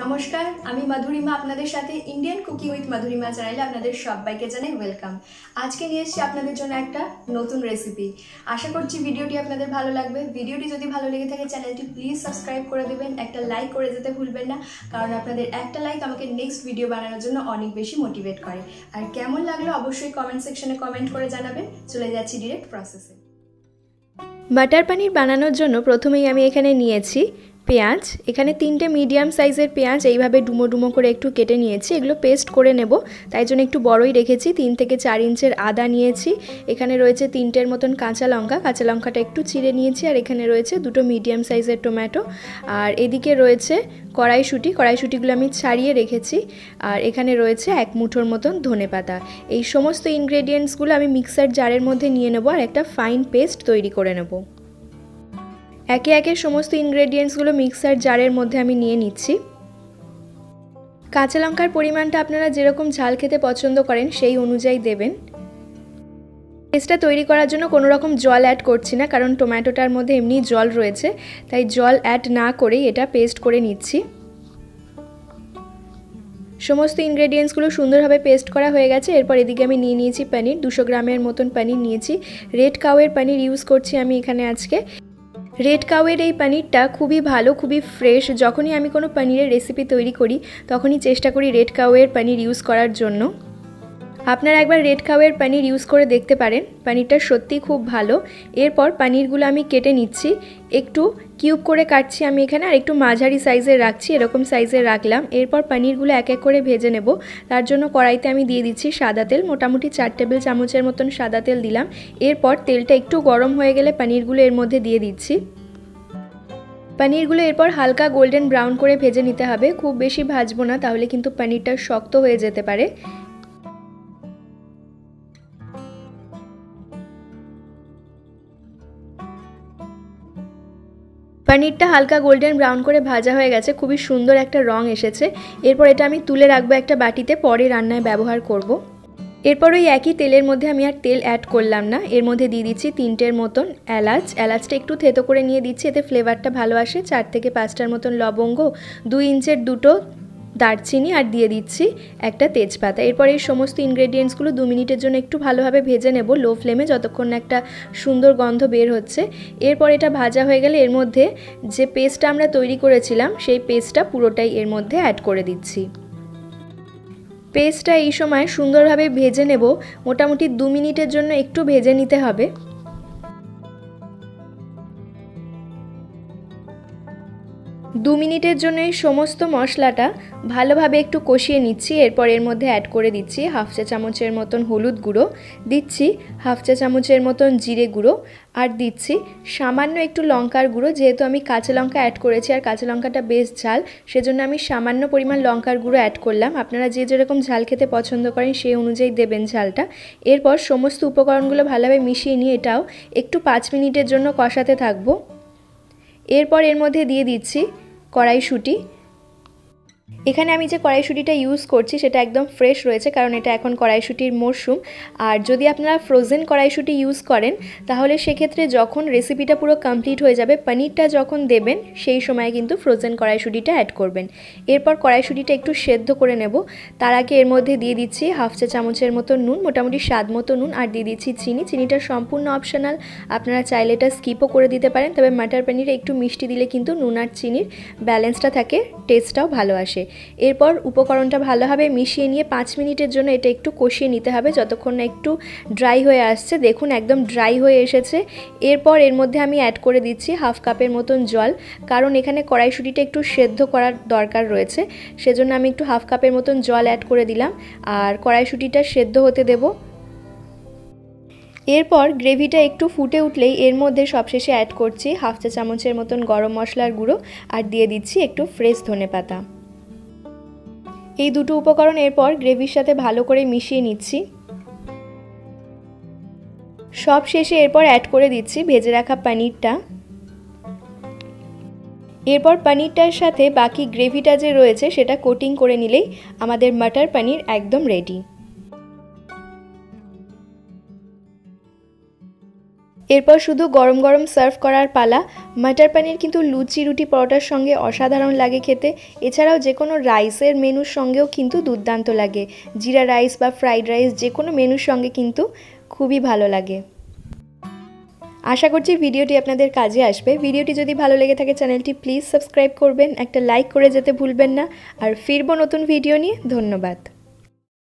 নমস্কার আমি মাধুরিমা আপনাদের সাথে ইন্ডিয়ান কুকিং উইথ মাধুরিমা চ্যানেলে আপনাদের সবাইকে জানাই ওয়েলকাম আজকে নিয়ে এসেছি আপনাদের জন্য একটা নতুন রেসিপি আশা করছি ভিডিওটি আপনাদের ভালো লাগবে ভিডিওটি যদি ভালো লেগে থাকে চ্যানেলটি প্লিজ সাবস্ক্রাইব করে দেবেন একটা লাইক করে যেতে ভুলবেন না কারণ আপনাদের একটা লাইক আমাকে নেক্সট ভিডিও বানানোর জন্য অনেক বেশি মোটিভেট করে আর কেমন লাগলো অবশ্যই কমেন্ট সেকশনে কমেন্ট করে জানাবেন চলে যাচ্ছি ডিরেক্ট প্রসেসে বাটার পানির বানানোর জন্য প্রথমেই আমি এখানে নিয়েছি পেঁয়াজ এখানে তিনটে মিডিয়াম সাইজের পেঁয়াজ এইভাবে ডুমো ডুমো করে একটু কেটে নিয়েছি এগুলো পেস্ট করে নেব তাই জন্য একটু বড়ই রেখেছি তিন থেকে চার ইঞ্চের আদা নিয়েছি এখানে রয়েছে তিনটের মতন কাঁচা লঙ্কা কাঁচা লঙ্কাটা একটু চিড়ে নিয়েছি আর এখানে রয়েছে দুটো মিডিয়াম সাইজের টমেটো আর এদিকে রয়েছে কড়াইশুঁটি কড়াইশুঁটিগুলো আমি ছাড়িয়ে রেখেছি আর এখানে রয়েছে এক মুঠোর মতন ধনে পাতা এই সমস্ত ইনগ্রেডিয়েন্টসগুলো আমি মিক্সার জারের মধ্যে নিয়ে নেবো আর একটা ফাইন পেস্ট তৈরি করে নেবো একে একে সমস্ত ইনগ্রেডিয়েন্টসগুলো মিক্সার জারের মধ্যে আমি নিয়ে নিচ্ছি কাঁচা লঙ্কার পরিমাণটা আপনারা যেরকম ঝাল খেতে পছন্দ করেন সেই অনুযায়ী দেবেন পেস্টটা তৈরি করার জন্য কোনো রকম জল অ্যাড করছি না কারণ টোম্যাটোটার মধ্যে এমনি জল রয়েছে তাই জল অ্যাড না করেই এটা পেস্ট করে নিচ্ছি সমস্ত ইনগ্রেডিয়েন্টসগুলো সুন্দরভাবে পেস্ট করা হয়ে গেছে এরপর এদিকে আমি নিয়ে নিয়েছি পানির দুশো গ্রামের মতন পানির নিয়েছি রেড কাউয়ের পানির ইউজ করছি আমি এখানে আজকে রেড কাউয়ের এই পনিরটা খুবই ভালো খুবই ফ্রেশ যখনই আমি কোনো পনিরের রেসিপি তৈরি করি তখনই চেষ্টা করি রেড কাউয়ের পনির ইউজ করার জন্য আপনারা একবার রেড খাওয়ের পানির ইউজ করে দেখতে পারেন পানিরটা সত্যি খুব ভালো এরপর পানিরগুলো আমি কেটে নিচ্ছি একটু কিউব করে কাটছি আমি এখানে আর একটু মাঝারি সাইজের রাখছি এরকম সাইজের রাখলাম এরপর পানিরগুলো এক এক করে ভেজে নেব তার জন্য কড়াইতে আমি দিয়ে দিচ্ছি সাদা তেল মোটামুটি চার টেবিল চামচের মতন সাদা তেল দিলাম এরপর তেলটা একটু গরম হয়ে গেলে পানিরগুলো এর মধ্যে দিয়ে দিচ্ছি পানিরগুলো এরপর হালকা গোল্ডেন ব্রাউন করে ভেজে নিতে হবে খুব বেশি ভাজবো না তাহলে কিন্তু পানিরটা শক্ত হয়ে যেতে পারে পনিরটা হালকা গোল্ডেন ব্রাউন করে ভাজা হয়ে গেছে খুবই সুন্দর একটা রং এসেছে এরপর এটা আমি তুলে রাখবো একটা বাটিতে পরে রান্নায় ব্যবহার করব। এরপর ওই একই তেলের মধ্যে আমি আর তেল অ্যাড করলাম না এর মধ্যে দিয়ে দিচ্ছি তিনটের মতন এলাচ এলাচটা একটু থেতো করে নিয়ে দিচ্ছি এতে ফ্লেভারটা ভালো আসে চার থেকে পাঁচটার মতন লবঙ্গ দুই ইঞ্চের দুটো দারচিনি আর দিয়ে দিচ্ছি একটা তেজপাতা এরপর এই সমস্ত ইনগ্রেডিয়েন্টসগুলো দু মিনিটের জন্য একটু ভালোভাবে ভেজে নেব লো ফ্লেমে যতক্ষণ একটা সুন্দর গন্ধ বের হচ্ছে এরপর এটা ভাজা হয়ে গেলে এর মধ্যে যে পেস্টটা আমরা তৈরি করেছিলাম সেই পেস্টটা পুরোটাই এর মধ্যে অ্যাড করে দিচ্ছি পেস্টটা এই সময় সুন্দরভাবে ভেজে নেব মোটামুটি দু মিনিটের জন্য একটু ভেজে নিতে হবে দু মিনিটের জন্য এই সমস্ত মশলাটা ভালোভাবে একটু কষিয়ে নিচ্ছি এরপর এর মধ্যে অ্যাড করে দিচ্ছি হাফ চা চামচের মতন হলুদ গুঁড়ো দিচ্ছি হাফ চা চামচের মতন জিরে গুঁড়ো আর দিচ্ছি সামান্য একটু লঙ্কার গুঁড়ো যেহেতু আমি কাঁচা লঙ্কা অ্যাড করেছি আর কাঁচা লঙ্কাটা বেশ ঝাল সেজন্য আমি সামান্য পরিমাণ লঙ্কার গুঁড়ো অ্যাড করলাম আপনারা যে যেরকম ঝাল খেতে পছন্দ করেন সেই অনুযায়ী দেবেন ঝালটা এরপর সমস্ত উপকরণগুলো ভালোভাবে মিশিয়ে নিয়ে এটাও একটু পাঁচ মিনিটের জন্য কষাতে থাকবো এরপর এর মধ্যে দিয়ে দিচ্ছি কড়াইশুঁটি এখানে আমি যে কড়াইশুঁটিটা ইউজ করছি সেটা একদম ফ্রেশ রয়েছে কারণ এটা এখন কড়াইশুঁটির মরশুম আর যদি আপনারা ফ্রোজেন কড়াইশুঁটি ইউজ করেন তাহলে সেক্ষেত্রে যখন রেসিপিটা পুরো কমপ্লিট হয়ে যাবে পনিরটা যখন দেবেন সেই সময় কিন্তু ফ্রোজেন কড়াইশুঁটিটা অ্যাড করবেন এরপর কড়াইশুঁটিটা একটু সেদ্ধ করে নেব তার আগে এর মধ্যে দিয়ে দিচ্ছি হাফ চা চামচের মতো নুন মোটামুটি স্বাদ মতো নুন আর দিয়ে দিচ্ছি চিনি চিনিটা সম্পূর্ণ অপশনাল আপনারা চাইলে এটা স্কিপও করে দিতে পারেন তবে মাটার পনিরে একটু মিষ্টি দিলে কিন্তু নুন আর চিনির ব্যালেন্সটা থাকে টেস্টটাও ভালো আসে এরপর উপকরণটা ভালোভাবে মিশিয়ে নিয়ে পাঁচ মিনিটের জন্য এটা একটু কষিয়ে নিতে হবে যতক্ষণ না একটু ড্রাই হয়ে আসছে দেখুন একদম ড্রাই হয়ে এসেছে এরপর এর মধ্যে আমি অ্যাড করে দিচ্ছি হাফ কাপের মতন জল কারণ এখানে কড়াইশুটিটা একটু সেদ্ধ করার দরকার রয়েছে সেজন্য আমি একটু হাফ কাপের মতন জল অ্যাড করে দিলাম আর কড়াইশুটিটা সেদ্ধ হতে দেবো এরপর গ্রেভিটা একটু ফুটে উঠলেই এর মধ্যে সবশেষে অ্যাড করছি হাফ চা চামচের মতন গরম মশলার গুঁড়ো আর দিয়ে দিচ্ছি একটু ফ্রেশ ধনে পাতা এই দুটো উপকরণ এরপর গ্রেভির সাথে ভালো করে মিশিয়ে নিচ্ছি সব শেষে এরপর অ্যাড করে দিচ্ছি ভেজে রাখা পানিরটা এরপর পানিরটার সাথে বাকি গ্রেভিটা যে রয়েছে সেটা কোটিং করে নিলেই আমাদের মাটার পানির একদম রেডি এরপর শুধু গরম গরম সার্ভ করার পালা মাটার পানির কিন্তু লুচি রুটি পরোটার সঙ্গে অসাধারণ লাগে খেতে এছাড়াও যে কোনো রাইসের মেনুর সঙ্গেও কিন্তু দুর্দান্ত লাগে জিরা রাইস বা ফ্রাইড রাইস যে কোনো মেনুর সঙ্গে কিন্তু খুবই ভালো লাগে আশা করছি ভিডিওটি আপনাদের কাজে আসবে ভিডিওটি যদি ভালো লেগে থাকে চ্যানেলটি প্লিজ সাবস্ক্রাইব করবেন একটা লাইক করে যেতে ভুলবেন না আর ফিরবো নতুন ভিডিও নিয়ে ধন্যবাদ